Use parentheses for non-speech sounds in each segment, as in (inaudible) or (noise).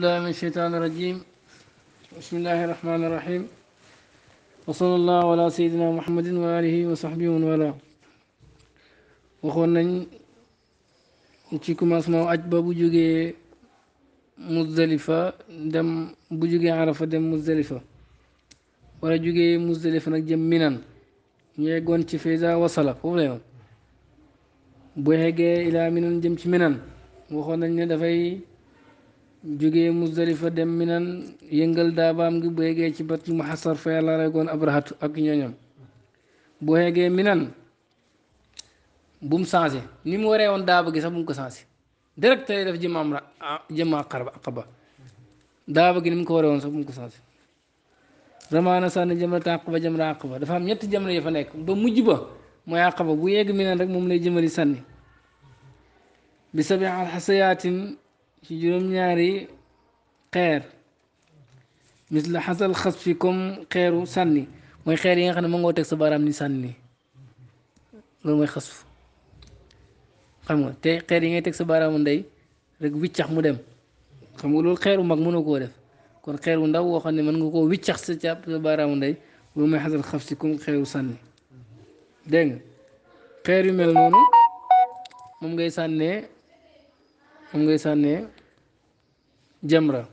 بالله من الشيطان الرجيم بسم الله الرحمن الرحيم وصلى الله على سيدنا محمد وآله وصحبه ومن والاه وخونا نتي كوماسما اج بابو جوغي مزدلفة دم بوجوغي عرفة دم مزدلفة ولا جوغي مزدلفة نك جم منن ني غون تي فيزا وصلا فوليو بو هيغي الى منن جم تي منن وخونا ني دا فاي jógee musdalifa dem minan yëngal daabaam ngi bu yeggee ci bat mu xasar fa yàlla lay goon abrahatu ak ñooñam bu yeggee minan bu mu changé ni mu waree woon daaba gi sax mu ko changé direct lay def jëmm am ra jëmm aqaba aqaba daaba gi ni ko waree woon sax mu ko changé ramaana sànni jamrata aqaba jamra aqaba dafa am ñetti jamra yi fa nekk ba mujj ba mooy aqaba bu yegg minan rek moom lay jëmali sànni bi sabi alxasayaatin ci juróom-ñaari xeer la xasal xas fi comme xeeru sànni mooy xeer yi nga xam ne moo ngoo teg sa baaraam ni sànni loolu mooy xasf xam nga te xeer yi ngay teg sa baaraamu ndey rek wiccax mu dem xam nga loolu xeeru mag mënoo koo def kon xeeru ndaw woo xam ne mën nga koo wiccax sa càpp sa baaraamu ndey loolu mooy xasal xaf si comme xeeru sànni dégg nga yu mel noonu moom ngay sànnee moom ngay sànnee jamra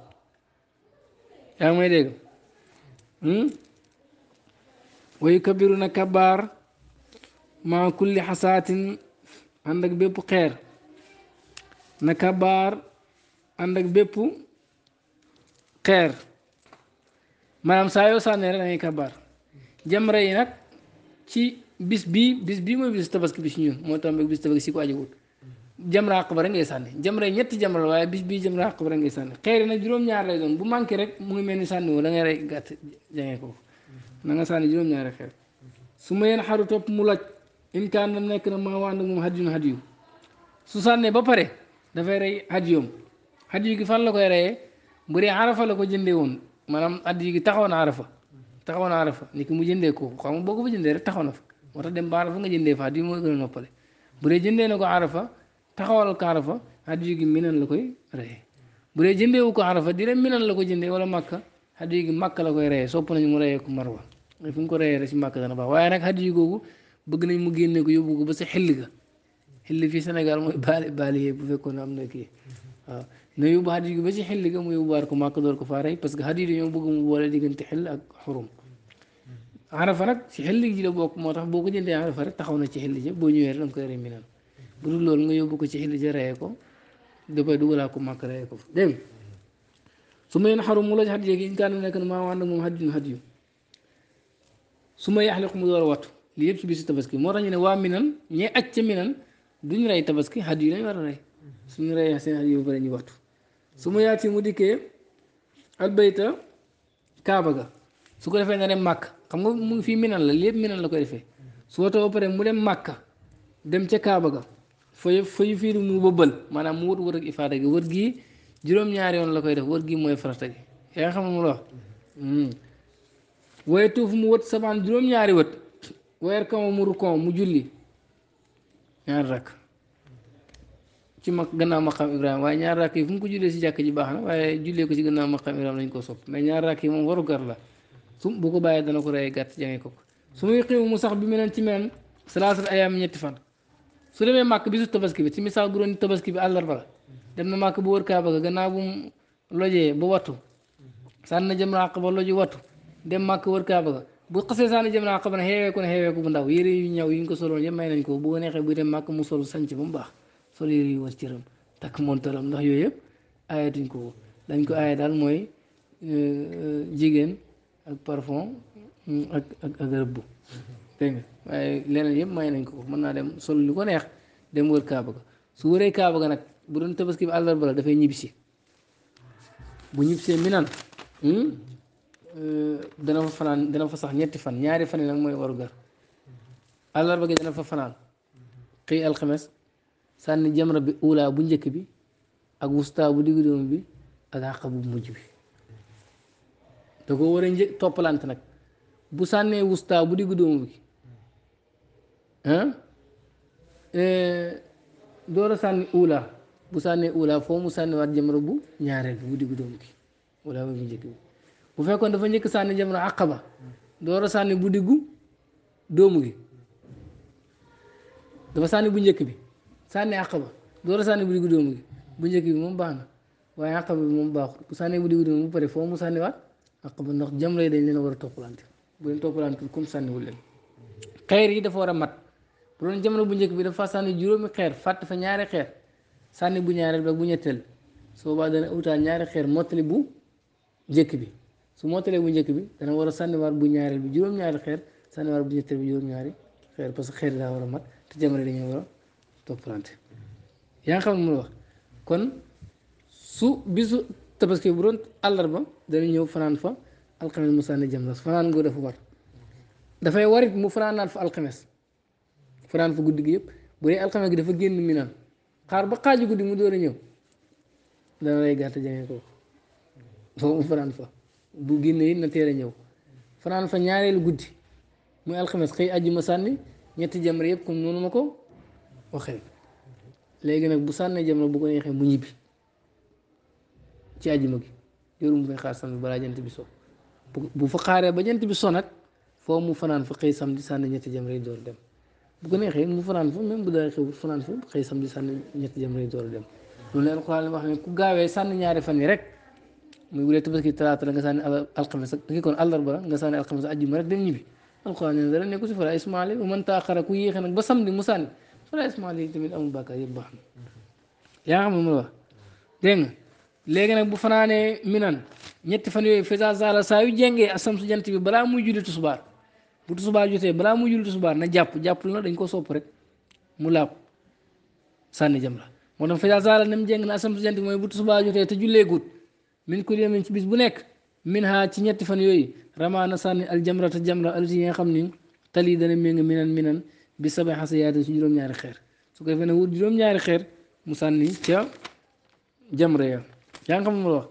yaa may dégg hmm? wayu kabiru na kabaar maa kulli xasaatin ànd ak bépp xeer na kabaar ànd ak bépp xeer maanaam saa yoo sànnee rek da ngay kabaar jamra yi nag ci bis bii bis mooy bis tabaski bi moo tax bis tabaski si ko jamra xabar ngay sànni jamra ñetti jamra la waaye bis bii jamra xabar ngay sànni xeer yi nag juróom-ñaar lay doon bu manqué rek mu ngi mel ni sànni woo da ngay rey gàtt jangee ko na nga sànni juróom-ñaari xeer su ma yéen xaru topp mu loj in kaan dam nekk na maa wànd moom xadiyun xadiyu su sànnee ba pare dafay rey xadiyoom xadiyu gi fan la koy reyee bu dee la ko jëndee woon maanaam xadiyu gi taxaw na arafa taxaw na arafa ni ki mu jëndee ko xam nga boo ko fa jëndee rek taxaw na fa moo tax dem ba arafa nga jëndee fa xadiyu mooy gën a noppale bu dee jëndee na ko arafa taxawal ko arafa hadiyu gi minan la koy reye bu dee jëndeewu ko arafa di leen minan la ko jëndee wala makka hadiyu gi makka la koy reye sopp nañu mu reyee ko marwa fu ñu ko reyee rek si makka dana ba waaye nag hadiyu googu bëgg nañ mu génne ko yóbbu ko ba sa xilli ga xilli fii Sénégal mooy baali baali yee bu fekkoon am na kii waaw na yóbbu hadiyu gi ba si xilli ga mu yóbbuwaat ko makka door ko faa rey parce que hadiyu dañoo bëgg mu boole diggante xel ak xurum arafa nag si xilli ji tax boo ko jëndee arafa rek taxaw ci xilli ji boo ñëwee rek da bu dul loolu nga yóbbu ko ci xilli ja reye ko dafay dugalaa ko màkk reye ko dégg su ma yéen xarum mu laj xat yéegi iñ kaan nekk ne maa wànd moom xat yu xat yu su ma mu door wattu lii ci bisu tabaski moo tax ñu ne waa ca minan duñu tabaski xat yu lañ a rey suñu seen xat yu ba pare su ma yaati mu dikkee albayta kaaba ga su ko defee nga dem màkk xam nga mu ngi fii minan la lii yëpp minan la koy defee su watoo ba pare mu dem màkk dem ca kaaba ga fa fa firi mu bëbbal maanaam mu wër wër ak ifaada gi wër gi juróom-ñaari yoon la koy def wër gi mooy farata gi yaa xam mu la hmm. waaye tuuf mu wët saban juróom-ñaari wët weer kama mu rukon mu julli ñaari rakk ci mag gannaaw maqam Ibrahima waaye ñaari rakk yi fu mu ko jullee si jàkk ji baax na waaye jullee ko ci gannaaw maqam ibrahim lañ ko sopp mais ñaari rak yi moom waru gar la bu ko baye dana ko rey gatt jangee ko su muy mu sax bi meneen ci meneen salatu ayaam ñetti fan su demee màkk bisu tabaski bi ci misaal bu doon tabaski bi àllarba la dem na màkk bu wër kaaba ga gannaaw bu mu lojee ba wattu sànni na jëm na àq ba loji wattu dem màkk war kaaba ga bu xasee sànni jëm na ba ne xeewee ko ne xeewee ko bu ndaw yére yu ñëw yu ñu ko soloon yëpp may nañ ko bu neexee buy dem màkk mu solu sanc ba mu baax sol yére yu wër cëram takk montaram ndax yooyu yëpp aayatuñ ko dañ ko aaye daal mooy euh, euh, jigéen ak parfum ak ak ak rëbb dégg nga waaye leneen yëpp may ko mën naa dem sol lu ko neex kaaba su wëree kaaba ga nag bu doon tabaski bi dafay ñibbisi bu ñibbisee mi hmm, euh, dana fa fanaan dana fa sax ñetti fan ñaari fan yi mooy waru gar fa fanaan xëy alxames sànni jamra bi uulaa bu njëkk bi ak wusta bu diggu doom bi ak àq mujj bi da ko war a njëkk toppalante nag bu sànnee wusta bu diggu doom bi Eh, door a sànni uula bu sànnee uula foo mu sànniwaat jamra bu ñaareel bu diggu doomu bi uula bu njëkk bi bu fekkoon dafa njëkk sànni jamra àqaba door a sànni bu diggu doomu gi dafa sànni bu njëkk bi sànni àqaba door a sànni bu diggu doomu bu njëkk moom baax na waaye àqaba bi moom baaxul bu sànnee bu diggu mu bu pare foo mu sànniwaat àqaba ndax jamra yi dañ leen a war a toppalante bu leen toppalante comme sànniwul leen xeer yi dafa war a mat bu doon jamono bu njëkk bi dafa sànni juróomi xeer fàtt fa ñaari xeer sànni bu ñaareel ba bu ñetteel soo boobaa dana utaal ñaari xeer mottali bu njëkk bi su mottalee bu njëkk bi dana war a sànniwaat bu ñaareel bi juróom-ñaari xeer sànniwaat bu ñetteel bi juróom-ñaari xeer parce que xeer daa war a mat te jamono dañoo war a toppalante yaa ngi xam mu wax kon su bisu tabaski bu doon àllarba dana ñëw fanaan fa alxames mu sànni jëm fanaan ngoo dafa war dafay warit mu fanaanaat fa alxames fanaan fa guddi gi yëpp bu dee alxames gi dafa génn minaan xaar ba xaaju guddi mu door a ñëw dana lay gàtt jege kooku moom fanaan fa bu génnee na teel a ñëw fanaan fa ñaareelu guddi muy alxames xëy àjjuma sànni ñetti jamra yëpp comme noonu ma ko nag bu sànnee jamra bu ko neexee mu ñibbi ci gi yoru mu fay xaar samedi jant bi so bu fa ba jant bi so nag mu fanaan fa xëy samedi sànni ñetti jamra yi door dem. bu ko neexee mu fanaan fa même bu dara xewul fanaan fa xëy samedi sànni ñetti jëm lay door a dem loolu leen Alxuraan wax ne ku gaawee sànni ñaari fan yi rek muy bu dee tabaski talaata la nga sànni alxames ak kii kon àllarba la nga rek dem ñibbi Alxuraan ne dara nekku si fala ismaali bu mën taaxara ku yéexee ba samedi mu sànni fala ismaali yi tamit amul bàkkaar yëpp baax na yaa xam ne mu la wax dégg léegi nag bu fanaanee minan ñetti fan yooyu fesa sala saa yu jengee asam su jant bi balaa muy julli tisbaar bu tusubaar jotee balaa mu julli tusubaar na jàpp jàppul na dañ ko sopp rek mu laab sànni jëm la moo tax fa saala nam jeng na asam jant mooy but tusubaar jotee te jullee guut min ko yémin ci bis bu nekk min ha ci ñetti fan yooyu ramaa na sànni al jamra te jamra alti yi nga xam ni tali dana ménga minan minan bi sabay xasayaati ci juróom-ñaari xeer su ko defee ne wut juróom-ñaari xeer mu sànni ca jamra ya yaa nga xam ma la wax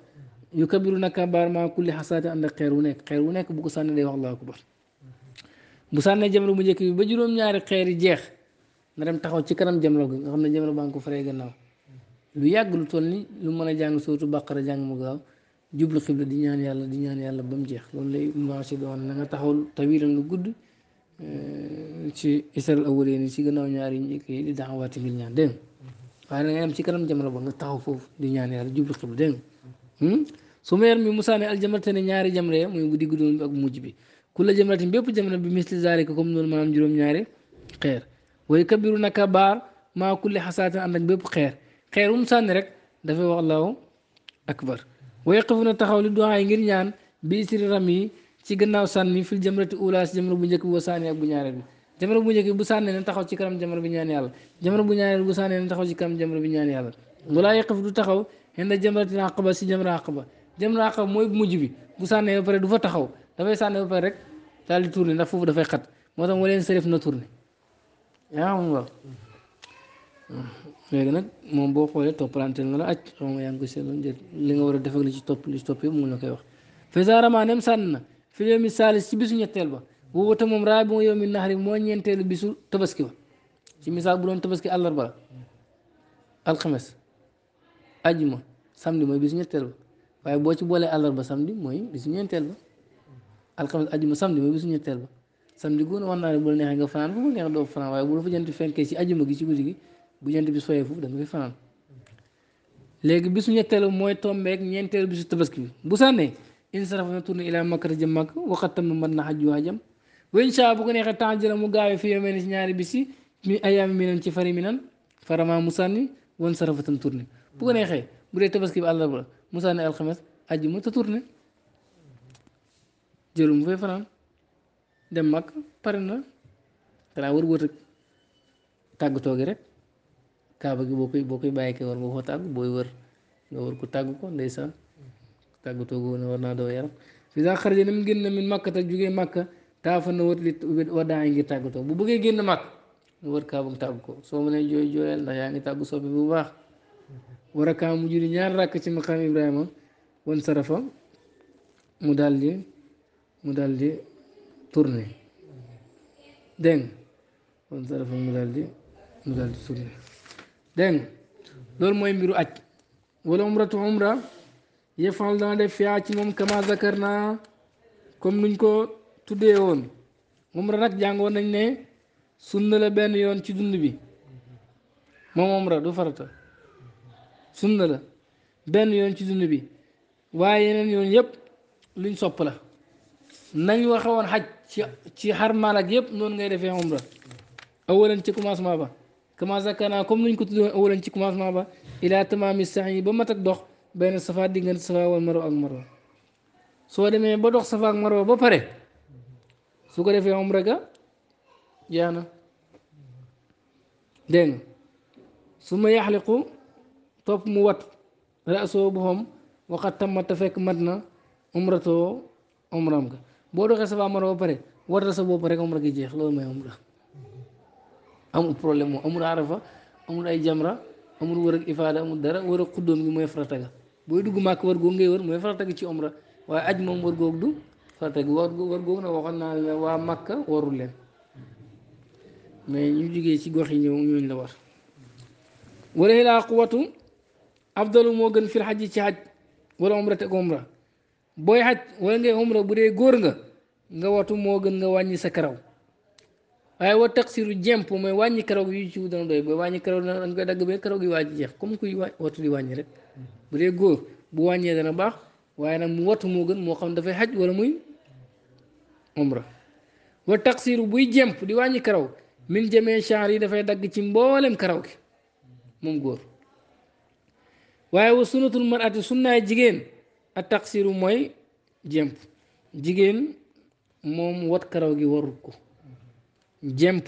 yu kabiru nakabaar maa kulli xasaati ànd ak xeer wu nekk xeer wu nekk bu ko sànni day wax allahu akbar bu sànnee jamra bu njëkk bi ba juróom-ñaari xeer yi jeex na dem taxaw ci kanam jamra gi nga xam ne jamra baa ngi gannaaw lu yàgg lu ni lu mën a jàng sootu bàqara jàng mu gaaw jublu xibla di ñaan yàlla di ñaan yàlla ba mu jeex loolu lay marché doon na nga taxaw tawiran lu gudd eh, ci isral awwalin yi ci gannaaw ñaari njëkk yi di ñaan dégg waaye da ci kanam jamra ba nga taxaw foofu di ñaan yàlla jublu xibla dégg hmm? su meer mi musaane aljamra te ne ñaari jamra muy bu digg doon bi ak mujj bi kula jamratin bépp jamra bi misli zalika comme noonu maanaam juróom-ñaari xeer way kabiru naka baar maa kulli xasaatin ànd ak bépp xeer xeer wu mu sànni rek dafay wax allahu akbar way xëfu na taxaw li duwaay ngir ñaan bi isri ram yi ci gannaaw sànni fil jamrati ula si jamra bu njëkk bi wa sànni ak bu ñaareel bi bu njëkk bu sànnee taxaw ci kanam jamra bi ñaan yàlla jamra bu ñaareel bu sànnee na taxaw ci bi ñaan yàlla walaa yaqif du taxaw xen da jamratin ba si jamra aqaba jamra aqaba mooy mujj bi bu sànnee ba du fa taxaw dafay sànni ba pare rek daal di tourné ndax foofu dafay xat moo tax mu leen na tourné yaa nag moom boo xoolee toppalante na la aj xaw ma yaa ngi li nga war a def ak ci topp li topp yëpp mu la koy wax. Fesarama nem sànni na fi yow bisu ñetteel ba boobu te moom raay bi mooy yow mi naxari moo ñeenteelu bisu tabaski ba ci misaal bu doon tabaski àllarba la alxames ajjuma samedi mooy bisu ñetteel ba waaye boo ci boolee àllarba samedi mooy bisu ñeenteel ba. alxames ajuma samedi mooy bisu ñetteel ba samedi gu ne wax naa ne bu la neexee nga fanaan fu mu neex doo fanaan waaye bu la fa jant bi sooyee foofu da nga léegi bisu ñetteel ba mooy tombeek ñeenteel bisu tabaski bi bu sànnee insarafa na tourné ilaa Makka jëm Makka waxatam mën na xaj waajam wéncha bu ko neexee temps jëla mu gaawee fi yomee ñaari bis yi mi ayaami minan ci fari minan mu sànni wan sarafatam tourné bu ko neexee bu dee tabaski bi àllarba mu sànni alxames ajuma te tourné jëru mu fay fanaan dem mag pare na danaa wër wër tàggatoo gi rek kaaba gi boo koy boo koy bàyyi war nga koo tàggu booy wër nga wër ko tàggu ko ndeysaan tàggatoo googu ne war naa doo yaram fi saa xaraja ni mu génn min màkk te jugee màkk taafa na wër li war daa ngi tàggatoo bu bëggee génn màkk nga wër kaaba gi tàggu ko soo mënee jooy jooyal ndax yaa ngi tàggu soppi bu baax war a kaa mu juri ñaar rakk ci maqaam Ibrahima wan sarafa mu daal di mu daal di tourné loolu mooy mbiru aj wala umratu umra yefal dana def fiyaa ci moom kama zakar naa comme nuñ ko tuddee woon umra nag jàngoon nañ ne sunna la benn yoon ci dund bi moom umra du farata sunna la benn yoon ci dund bi waaye yeneen yoon yépp luñ sopp la nañ waxe woon xaj ci ci xarmaal ak yëpp noonu ngay defee umra awalan ci commencement ba commencé kana comme nuñ ko tuddoon awalan ci commencement ba ila tamaami sa'i ba mat ak dox benn safa diggante safa wal marwa ak marwa soo demee ba dox safa ak marwa ba pare su ko defee umra ga jeex na dégg nga su ma yaxliqu topp mu wat raasoo boxam waxat tamata fekk mat na umratoo umram ga boo doxee sa bambara ba pare waral sa bopp rek umra gi jeex loolu mooy umra amul problème moom amul arafa amul ay jamra amul wër ak ifaada amul dara wër ak xuddoom gi mooy farata ga booy dugg màkk war googu ngay wër mooy farata gi ci umra waaye aj moom war googu du war war waxoon naa waa màkk warul leen mais ñu jógee ci gox yi ñëw ñooñu la war wala ilaa quwatu afdalu moo gën fil xaj ci xaj wala umra teg umra booy xaj wala ngay umra bu dee góor nga nga watu moo gën nga wàññi sa karaw waaye wa taksiru jemp mooy wàññi karaw yu ci dana doy booy wàññi karaw dana koy dagg ba karaw gi waaj jeex comme kuy watu di wàññi rek hmm. bu dee góor bu wàññee dana baax waaye nag mu watu moo gën moo xam dafay xaj wala muy umra wa taksiru buy jemp di wàññi karaw min jamee chaar yi dafay dagg ci mboolem karaw gi moom góor waaye sunatul sunnatul marati sunnaay jigéen a taksiru mooy jemp jigéen moom wat karaw gi warut ko jemp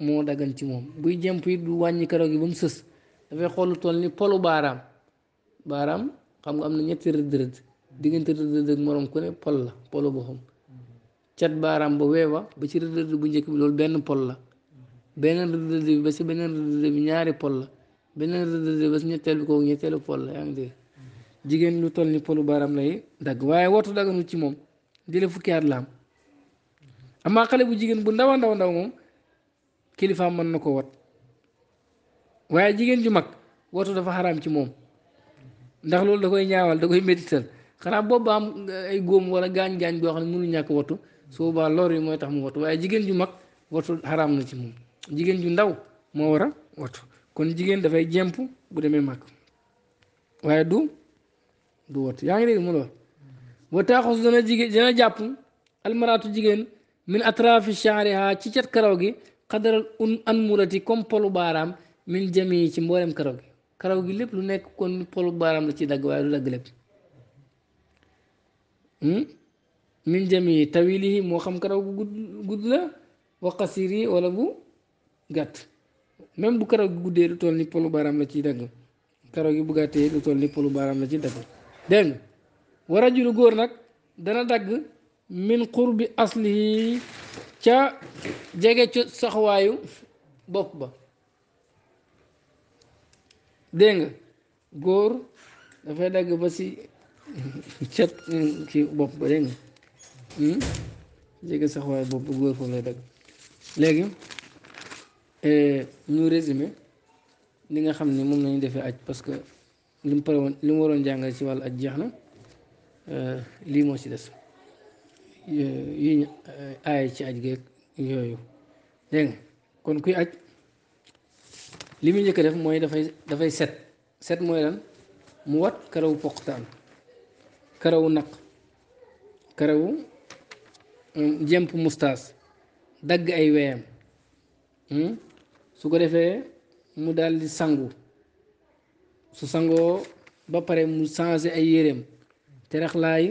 moo daggan ci moom buy jemp it du wàññi karaw gi ba mu sës dafay xool lu toll ni polu baaraam baaraam xam nga am na ñetti rëdd rëdd diggante rëdd rëdd ak morom ku ne pol la polu boppam cat baaraam ba weewa ba ci bu njëkk bi loolu benn pol la beneen rëdd rëdd bi ñaari pol la beneen rëdd rëdd ba pol la yaa jigéen lu toll ni polu baaraam lay dagg waaye watu daganu ci moom di la fukki at la amaa xale bu jigéen bu ndaw a ndaw ndaw moom kilifaam mën na ko wat waaye jigéen ju mag watu dafa xaraam ci moom ndax loolu da koy ñaawal da koy métital xanaa boobu am ay góom wala gaañ-gaañ boo xam ne mënu ñàkk watu su boobaa tax mu watu waaye jigéen ju mag watu xaraam na ci moom jigéen ju ndaw moo war a watu kon jigéen dafay jemp bu demee mag waaye du du watu yaa ngi dégg mu lool wa taaxus dana jigéen dana jàpp almaraatu jigéen min atrafi shaariha ci cat karaw gi xadaral un an murati comme polu baaraam min jami ci mboolem karaw gi karaw gi lépp lu nekk kon polu baaraam la ci dagg waaye du dagg lépp hmm? min jami moo xam karaw gu gudd gudd la wa qasiri gàtt même bu karaw gi guddee lu toll ni polu baaraam la ci dagg karaw gi bu gàttee lu toll ni polu ci dagg góor nag dana dagg min qurbi aslihi ca jege ca saxwaayu bopp ba dégg nga góor dafay dagg ba mm, ci cat kii bopp ba dégg hmm? jege saxwaayu bopp ba góor foofu lay dagg léegi eh, ñu résumé li nga xam ni moom lañu defee aj parce que li mu pare woon li mu waroon jàngale ci wàll aj jeex na eh, lii moo ci des yi ñu aaye ci aj geeg yooyu dégg kon kuy aj li muy njëkk def mooy dafay dafay set set mooy lan mu wat karawu poqtaan karawu naq karawu mm, jemp mustaas dagg ay weyam hmm? su ko defee mu daal di sangu su sangoo ba pare mu changé ay yéreem teraxlaay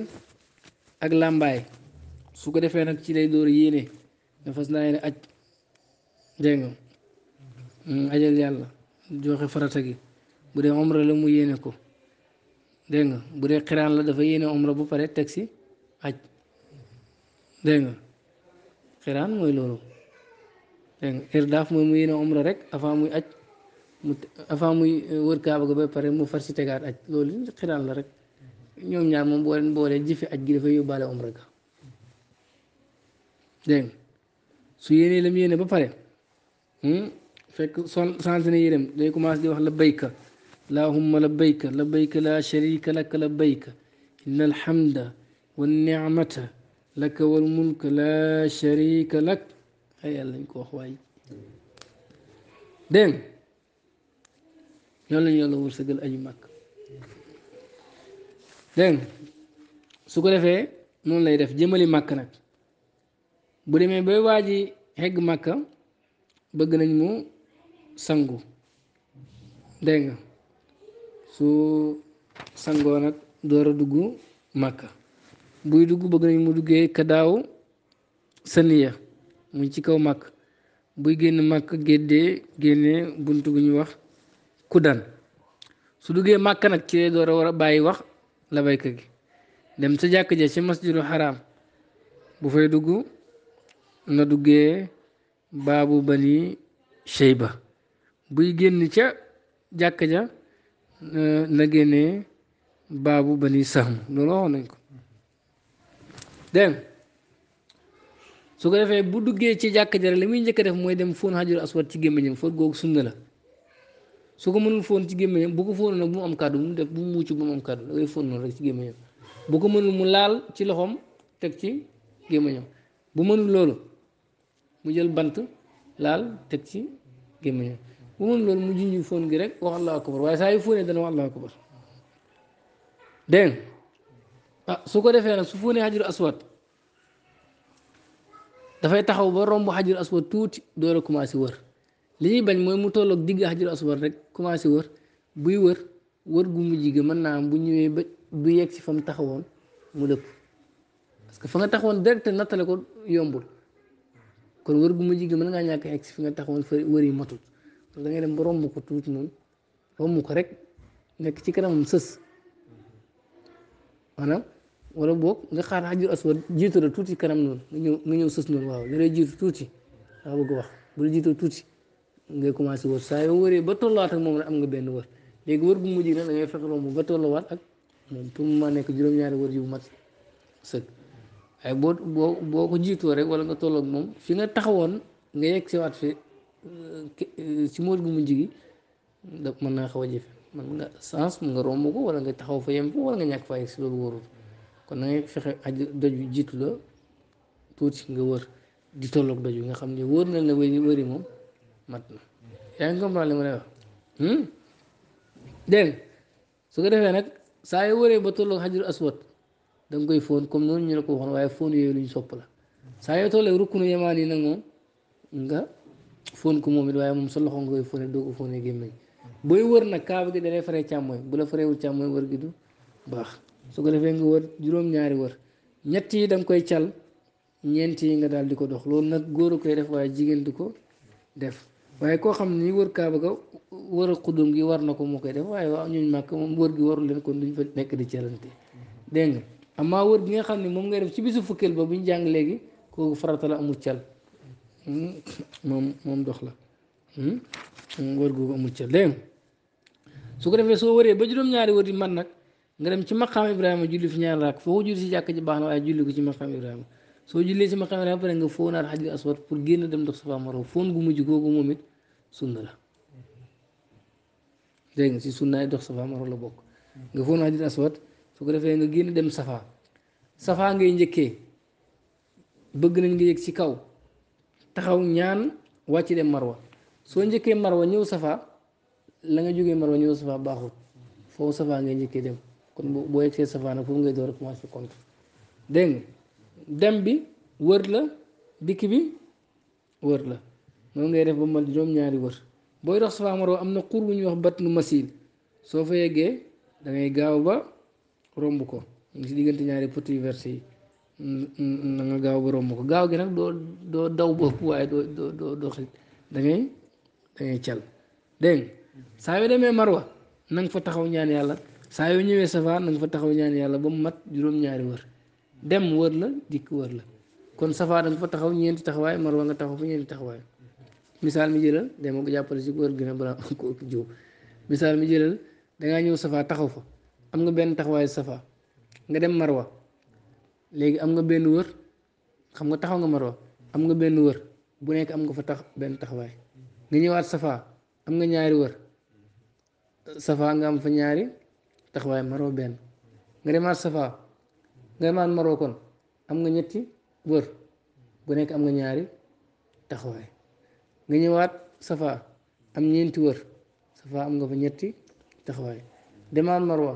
ak làmbaay su ko defee nag ci lay door yéene ne fas naa yéene aj dégg nga mm, ajal yàlla joxe farata gi bu dee omra la mu yéene ko dégg nga bu dee xiraan la dafa yéene omra bu pare teg si aj dégg nga xiraan mooy loolu dégg nga irdaaf mooy mu yéene omra rek avant muy aj mu avant muy euh, wër kaaba ga ba pare mu far si tegaat aj loolu xiraan la rek ñoom ñaar moom boo leen boolee jëfe aj gi dafay yóbbaale omra ga dégg su yéenee lam yéene ba pare fekk son changé na yéenam day commencé di wax labbayka allahumma labbayka labbayka laa sharika laka labbayka inna alhamda wa ni'mata laka wal mulka laa sharika lak ay yàlla lañ ko wax waay dégg ñoonu lañu yàlla wërsëgal aju màkk dégg su ko defee noonu lay def jëmali màkk nag bu demee bay waaji xegg màkka bëgg nañ mu sangu dégg nga su sangoo nag door a dugg màkk buy dugg bëgg nañ mu duggee kadaaw saniya mu ci kaw màkk buy génn màkk géddee génnee bunt gu ñuy wax kudan su duggee màkk nag ci lay door a war a bàyyi wax la bayka gi dem sa jàkk ja ci masjidul bu fay dugg na duggee baabu bani sheyba buy génn ca jàkka ja euh, na génnee baabu bani sahm loolu waxoon nañ ko dégg su ko defee bu duggee ci jàkka ja li muy njëkk a def mooy dem fóon xajul aswad ci gémmiñam fóot googu sunna la su ko mënul fóon ci gémmiñam bu ko fóon nag bu mu am kàddu bu mu def bu mu mucc bu mu am kàddu da koy fóon noonu rek ci gémmiñam bu ko mënul mu laal ci loxoom teg ci gémmiñam mënul loolu mu jël bant laal teg ci gémmiñam bu moom loolu mu junj fóon gi rek wax allahu akbar waaye saa yu fóonee dana wax allahu akbar dégg ah su ko defee nag su fóonee xajur aswad dafay taxaw ba romb xajur aswad tuuti door a commencé wër li ñuy bañ mooy mu tollook digg xajur aswad rek commencé wër buy wër wër gu mujj gi mën naa am bu ñëwee ba bu yegg si fa mu taxawoon mu dëpp parce que fa nga taxawoon direct nattale ko yombul kon wër gu mujj gi mën ngaa ñàkk egg fi nga taxawoon fa wër yi matut da ngay dem ba romb ko tuuti noonu romb ko rek nekk ci kanamam sës maanaam wala boog nga xaar xajur aswad jiitu la tuuti kanam noonu nga ñëw ñëw sës noonu waaw lay jiitu tuuti waaw bëgg wax bu la jiitu tuuti ngay commencé wër saa yoo wëree ba tollaat ak moom la am nga benn wër léegi wër gu mujj gi nag da ngay fekk romb ba tollawaat ak moom pour mu ma nekk juróom-ñaari wër yu mat sëg waaye eh, boo boo boo ko jiitoo rek wala nga tolloog moom fi nga taxawoon nga yegg si waat fi si euh, mool gu mujj gi da mën naa xaw a jëfe man nga sens mu nga romb ko wala nga taxaw fa yem fa wala nga ñàkk fa yegg si loolu wóorul kon na ngay fexe aj doj jiitu la tuuti nga wër di tolloog doj bi nga xam ne wóor na la wëri wëri moom mat na yaa ngi comprendre li ma lay wax hmm? dégg su ko defee nag saa yu wëree ba tolloog xajul aswat da nga koy fóon comme noonu ñu la ko waxoon waaye fóon yooyu lu sopp la saa yoo tollee rukkunu yamaan yi nag nga fóon ko moom it waaye moom sa loxo nga koy fóonee doo ko fóonee gémmañ booy kaaba gi dalay faree càmmooy bu fareewul càmmooy wër gi du baax su ko defee nga wër juróom-ñaari wër ñett yi da koy cal ñeent yi nga daal di ko dox loolu nag góor a koy def waaye jigéen di ko def waaye koo xam ni wër kaaba ga wër a xuddum gi war na ko moo koy def waaye waaw ñuñ màkk moom wër gi warul leen kon duñ nekk di calante amaa wër bi nga xam ne moom ngay def ci bisu fukkeel ba bu ñu jàng léegi kooku farata la amul cal hmm? moom moom dox la hmm? wër googu amul cal dégg su soo wëree ba juróom-ñaari wër yi man nag nga dem ci maqaam Ibrahima julli fi ñaari raak foo ko julli si jàkk ji baax na waaye julli ko ci maqaam Ibrahima soo jullee si maqaam Ibrahima pare nga fóonaat xajul aswad pour génn dem dox Safa Marwa fóon gu mujj googu moom it sunna la dégg si sunnaay dox Safa Marwa la bokk nga fóon xajul aswad su ko defee nga génn dem safaa safaa ngay njëkkee bëgg nañ nga yëg ci kaw taxaw ñaan wàcc dem marwa soo njëkkee marwa ñëw safaa la nga jógee marwa ñëw safaa baaxut foofu safaa ngay njëkkee dem kon boo yegsee safaa nag foofu ngay door a commencé compte dégg dem bi wër la dikk bi wër la noonu ngay def ba mat juróom ñaari wër booy dox safaa marwa am na xur bu ñuy wax batnu masil soo fa yeggee da gaaw ba romb ko mu si diggante ñaari petit versé yi na nga gaaw ba romb ko gaaw gi nag doo doo daw bopp waaye doo doo doo doxit da ngay da ngay cal dégg saa yoo demee marwa na nga fa taxaw ñaan yàlla saa yoo ñëwee safar na nga fa taxaw ñaan yàlla ba mu mat juróom-ñaari wër dem wër la dikk wër la kon safar da nga taxaw ñeenti taxawaay marwa nga taxaw fa ñeenti taxawaay misaal mi jëlal dama ko jàppale si wër gën a balaa (laughs) ko ëpp misaal mi jëlal dangaa ñëw safar taxaw fa am nga benn taxawaayu safa nga dem marwa léegi am nga benn wër xam nga taxaw nga marwa am nga benn wër bu nekk am nga fa tax benn taxawaay nga ñëwaat safa am nga ñaari wër safa nga am fa ñaari taxawaay marwa benn nga demaat safa nga demaat marwa kon am nga ñetti wër bu nekk am nga ñaari taxawaay nga ñëwaat safa am ñeenti wër safa am nga fa ñetti taxawaay demaat marwa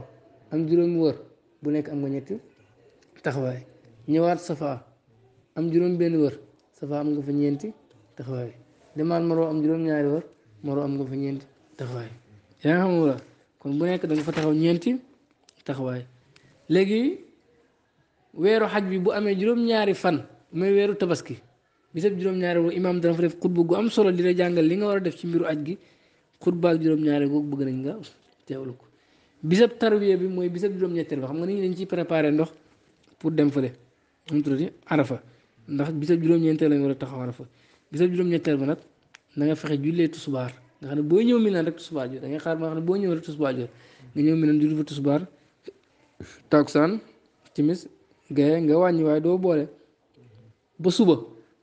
am juróomi wër bu nekk am nga ñetti taxawaay ñëwaat safa am juróom benn wër safa am nga fa ñeenti taxawaay demaat maroo am juróom-ñaari wër maroo am nga fa ñeenti taxawaay yaa bu nekk da fa taxaw ñeenti taxawaay léegi weeru xaj bi bu amee juróom-ñaari fan mooy weeru tabaski bisab juróom-ñaari woo imaam dana fa def xutba gu am solo di la jàngal li nga war a def ci mbiru aj gi xutba ak juróom-ñaari googu bëgg nañ nga teewlu ko bisab tarwiya bi mooy bisab juróom-ñetteel ba xam nga ni dañ ci préparé ndox pour dem fële mu tuddati arafa ndax bisab juróom-ñeenteel lañ war a taxaw arafa bisab juróom-ñetteel ba nag na nga fexe jullee tusubaar nga xam ne boo ñëw mi naan rek tusubaar jot da nga xaar ma xam ne boo ñëw rek tusubaar jot nga ñëw mi naan julli fa tusubaar taksaan timis gaye nga wàññi waaye doo boole ba suba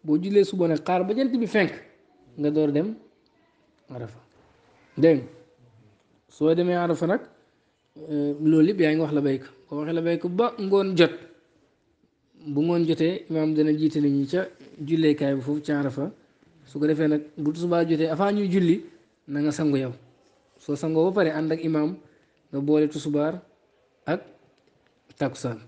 boo jullee suba nag xaar ba jant bi fenk nga door dem arafa dégg soo demee arafa nag Euh, loolu lépp yaa ngi wax la béyk ko waxee la ko ba ngoon jot bu ngoon jotee imaam dana jiite nit ñi ca julleekaay bi foofu ca Arafa su ko defee nag bu subaa jotee avant ñuy julli na sangu yow soo sangoo ba pare ànd ak imaam nga boole tusubaar ak takkusaan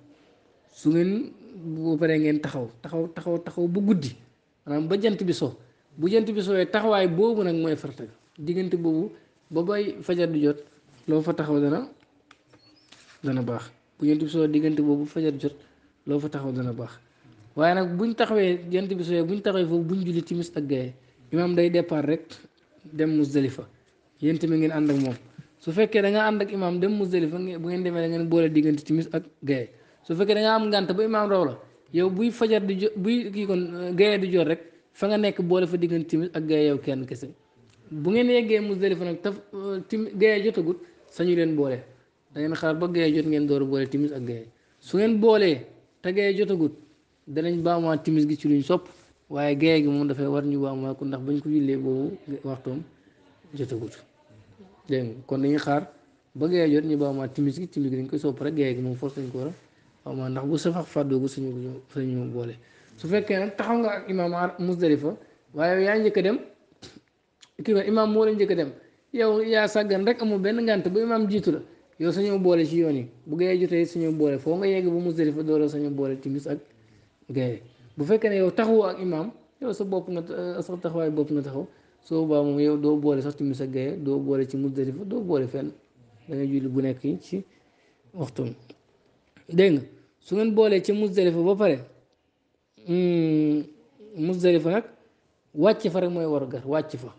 su ngeen bu paree ngeen taxaw taxaw taxaw taxaw bu guddi maanaam ba jant bi so bu jant bi sowee taxawaay boobu nag mooy farata diggante boobu ba bay fajar di jot loo fa taxaw dana dana baax bu jant bi soo diggante boobu fajar jot loo fa taxaw dana baax waaye nag buñ taxawee jant bi soo buñ taxawee foofu buñ julli timis ak gaye imam day départ rek dem Musdalifa yéen mi ngeen ànd ak moom su fekkee da nga ànd ak imam dem Musdalifa bu ngeen demee da ngeen boole diggante timis ak gaye su fekkee da nga am ngànt ba imam raw la yow buy fajar di jot buy kii kon gaye di jor rek fa nga nekk boole fa diggante timis ak gaye yow kenn kese bu ngeen yeggee Musdalifa nag taf euh, tim gaye jotagut sañu leen boole. da ngeen xaar ba gee jot ngeen door a boole timis ak gee su ngeen boolee te gee jotagut danañ baamuwaat timis gi ci luñ sopp waaye gee gi moom dafay war ñu baamuwaat ko ndax bañ ko jullee boobu jotagut dégg kon dañuy xaar ba gee ñu baamuwaat timis gi timis gi dañ koy sopp rek gee gi moom force dañ ko war a baamuwaat ndax bu safax fàddoogu suñu suñu boole su fekkee nag taxaw nga ak imaam Musdalifa waaye yaa njëkk a dem kii imaam moo la njëkk dem yow yaa sàggan rek amul benn ngànt ba imaam jiitu la yow sañoo boole ci yoon yi bu gayee jotee sañoo boole foo nga yegg ba Musdalifa dooroo sañoo boole timis ak gaye bu fekkee ne yow taxawoo ak imaam yow sa bopp nga eh, sa taxawaay bopp nga taxaw soo boobaa moom doo boole sax timis ak gaye doo boole ci Musdalifa doo boole fenn da julli bu nekk ci waxtu dégg nga su ngeen boolee ci Musdalifa ba pare hmm, Musdalifa nag wàcc fa rek mooy war gar wàcc fa.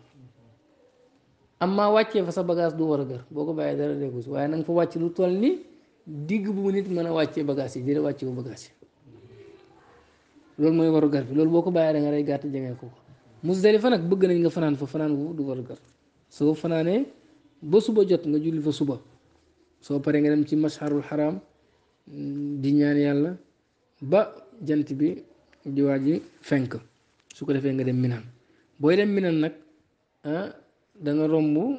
amma wàccee fa sa bagage du war a boo ko bàyyee dara léegu si waaye na nga fa wàcc lu toll ni digg bu nit mën a wàccee bagage yi jële wàcce bu bagage yi loolu mooy waru gar bi loolu boo ko bàyyee da nga rey gàtt jege ko Musdalifa nag bëgg nañ nga fanaan fa fanaan wu du waru gar soo fanaanee ba suba jot nga julli fa suba soo paree nga dem ci masharul haram mm, di ñaan yàlla ba jant bi di waaj fenk su ko defee nga dem Minaan booy dem Minaan nag ah, dana romb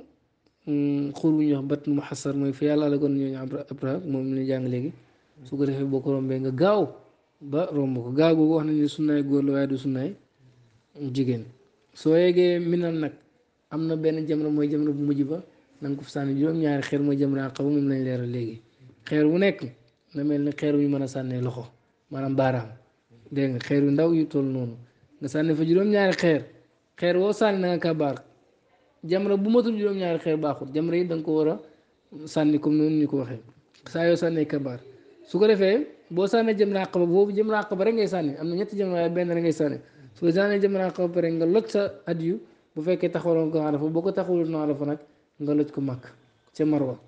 mm, xur bu ñuy wax bat mu xasar mooy fi yàlla la kon ñooñu abraham moom la ñu jàng léegi su ko defee boo ko rombee nga gaaw ba romb ko gaaw boobu wax nañu ne sunnaay góor la waaye du sunnaay jigéen soo yeggee minal nag am na benn jamra mooy jamra bu mujj ba na ko sànni juróom-ñaari xeer mooy jamra àq moom lañ leeral léegi xeer wu nekk na mel ni xeer wu mën a sànnee loxo maanaam baaraam dégg nga xeer yu ndaw yu toll noonu nga sànni fa juróom-ñaari xeer woo sànni na nga kabaar jamra bu matul juróom-ñaari xeer baaxul jamra yi da nga ko war a sànni comme noonu ñu ko waxee saa yoo sànnee kabaar su ko defee boo sànnee jëm naa àqaba boobu jëm naa àqaba rek ngay sànni am na ñetti jëm naa benn rek ngay sànni su ko sànnee jëm jamra àqaba pare nga loj sa at yu bu fekkee taxawaloon ko arafa boo ko taxawaloon arafa nag nga loj ko màkk ca marwa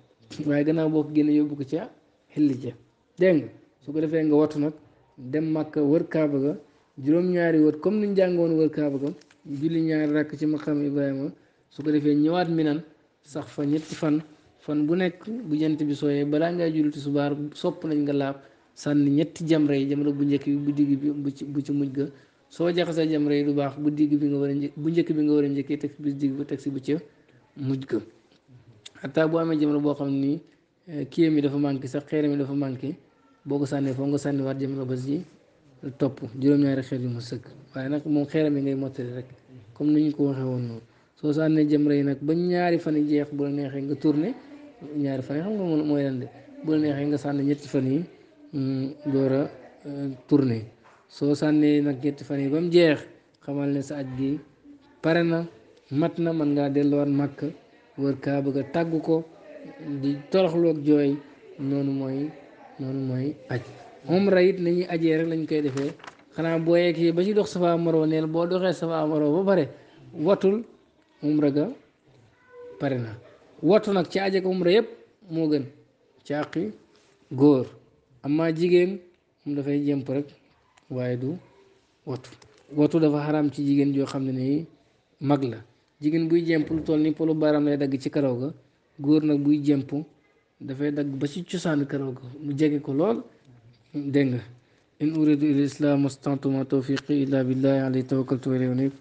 waaye gannaaw boo ko génnee yóbbu ko ca xilli ja dégg nga su ko defee nga wattu nag dem màkk wër kaaba ga juróom-ñaari wër comme ni ñu jàngoon wër kaaba ga julli ñaari rakk ci maqam Ibrahima su ko defee ñëwaat minan sax fa ñetti fan fan bu nekk bu jent bi sooyee balaa ngaa julli tisbaar sopp nañ nga laab sànni ñetti jamra yi jamra bu njëkk bi bu digg bi bu ci bu ci mujj ga soo jaxasee jamra yi du baax bu digg bi nga war a njëkk bu njëkk bi nga war a njëkkee teg bi digg ba teg si bu ca muj ga xataa boo amee jamra boo xam ni eh, kii mi dafa manqué sax xeer mi dafa manqué boo ko sànnee foo nga sànniwaat jamra ba si topp juróom-ñaari xeer yu ma sëkk waaye nag moom xeer mi ngay mottali rek comme ni ko waxee noonu soo sànnee jëm yi nag ba ñaari fan yi jeex bu neexee nga tourné ñaari fan yi xam nga mooy lan de bu neexee nga sànni ñetti fan yi mm, euh, soo sànnee nag ñetti fan yi ba mu jeex xamal ne sa aj gi pare na mat na mën ngaa delluwaat màkk wër kaa bëgg a tàggu ko di toroxloog jooy noonu mooy noonu mooy aj umra it nañuy ajee rek lañ koy defee xanaa boo yeggee ba ci dox safaa maroo neel boo doxee safaa maroo ba pare watul umra ga na wattu nag ci aje ak umra yëpp moo gën ci àqi góor amma jigéen moom dafay jëmp rek waaye du wattu wattu dafa xaraam ci jigéen joo xam ne nii mag la jigéen buy jëmp lu toll ni polu baaraam lay dagg ci karaw ga góor nag buy jëmp dafay dagg ba ci cosaanu karaw ga mu jege ko lool dégg nga in uridu ila islam mastantuma tawfiqi illa billahi alayhi tawakkaltu wa ilayhi unib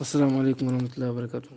aleykum wa wa barakatuh